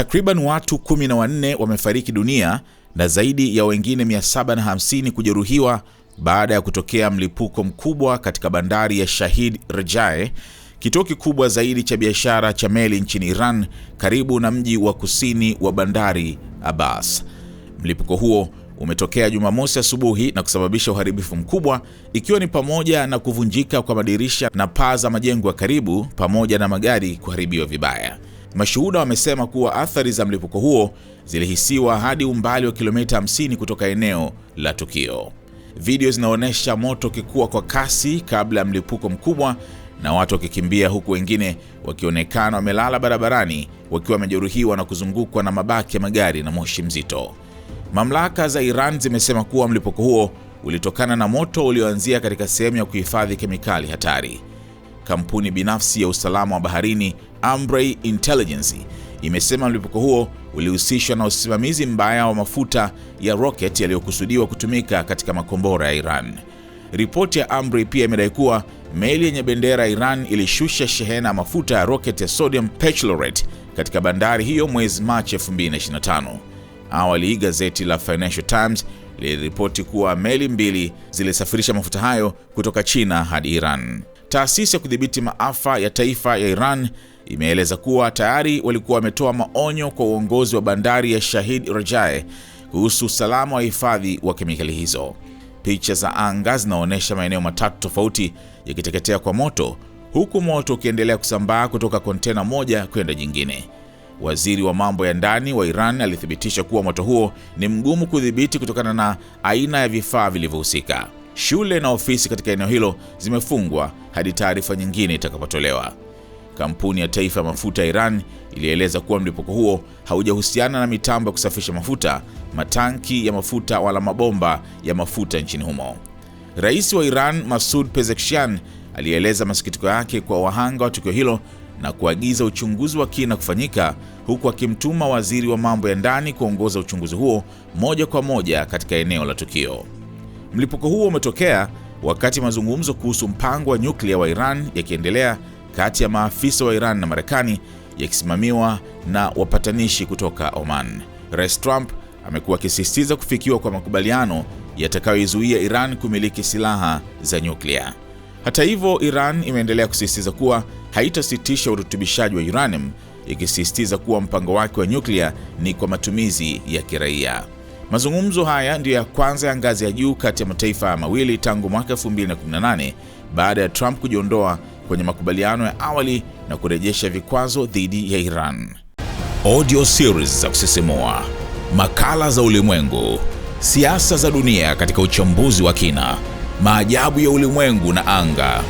Takriban watu kumi na wanne wamefariki dunia na zaidi ya wengine 750 kujeruhiwa baada ya kutokea mlipuko mkubwa katika bandari ya Shahid Rajae, kituo kikubwa zaidi cha biashara cha meli nchini Iran, karibu na mji wa kusini wa bandari Abbas. Mlipuko huo umetokea Jumamosi asubuhi na kusababisha uharibifu mkubwa ikiwa ni pamoja na kuvunjika kwa madirisha na paa za majengo ya karibu pamoja na magari kuharibiwa vibaya. Mashuhuda wamesema kuwa athari za mlipuko huo zilihisiwa hadi umbali wa kilomita 50 kutoka eneo la tukio. Video zinaonyesha moto kikua kwa kasi kabla ya mlipuko mkubwa na watu wakikimbia huku wengine wakionekana wamelala barabarani wakiwa wamejeruhiwa na kuzungukwa na mabaki ya magari na moshi mzito. Mamlaka za Iran zimesema kuwa mlipuko huo ulitokana na moto ulioanzia katika sehemu ya kuhifadhi kemikali hatari kampuni binafsi ya usalama wa baharini Ambrey Intelligence imesema mlipuko huo ulihusishwa na usimamizi mbaya wa mafuta ya rocket yaliyokusudiwa kutumika katika makombora ya Iran. Ripoti ya Ambrey pia imedai kuwa meli yenye bendera ya Iran ilishusha shehena ya mafuta ya rocket ya sodium perchlorate katika bandari hiyo mwezi Machi 2025. Awali, gazeti la Financial Times liliripoti kuwa meli mbili zilisafirisha mafuta hayo kutoka China hadi Iran. Taasisi ya kudhibiti maafa ya taifa ya Iran imeeleza kuwa tayari walikuwa wametoa maonyo kwa uongozi wa bandari ya Shahid Rajae kuhusu usalama wa hifadhi wa kemikali hizo. Picha za anga zinaonyesha maeneo matatu tofauti yakiteketea kwa moto, huku moto ukiendelea kusambaa kutoka kontena moja kwenda nyingine. Waziri wa mambo ya ndani wa Iran alithibitisha kuwa moto huo ni mgumu kudhibiti kutokana na aina ya vifaa vilivyohusika. Shule na ofisi katika eneo hilo zimefungwa hadi taarifa nyingine itakapotolewa. Kampuni ya taifa ya mafuta ya Iran ilieleza kuwa mlipuko huo haujahusiana na mitambo ya kusafisha mafuta, matanki ya mafuta wala mabomba ya mafuta nchini humo. Rais wa Iran Masoud Pezeshkian alieleza masikitiko yake kwa wahanga wa tukio hilo na kuagiza uchunguzi wa kina kufanyika, huku akimtuma waziri wa mambo ya ndani kuongoza uchunguzi huo moja kwa moja katika eneo la tukio. Mlipuko huo umetokea wakati mazungumzo kuhusu mpango wa nyuklia wa Iran yakiendelea kati ya maafisa wa Iran na Marekani yakisimamiwa na wapatanishi kutoka Oman. Rais Trump amekuwa akisisitiza kufikiwa kwa makubaliano yatakayoizuia Iran kumiliki silaha za nyuklia. Hata hivyo, Iran imeendelea kusisitiza kuwa haitasitisha urutubishaji wa uranium, ikisisitiza kuwa mpango wake wa nyuklia ni kwa matumizi ya kiraia. Mazungumzo haya ndiyo ya kwanza ya ngazi ya juu kati ya mataifa ya mawili tangu mwaka 2018 baada ya Trump kujiondoa kwenye makubaliano ya awali na kurejesha vikwazo dhidi ya Iran. Audio series za kusisimua, makala za ulimwengu, siasa za dunia katika uchambuzi wa kina, maajabu ya ulimwengu na anga,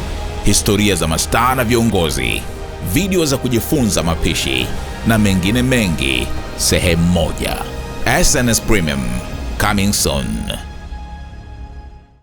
historia za mastaa na viongozi, video za kujifunza mapishi na mengine mengi, sehemu moja. SNS Premium. Coming soon.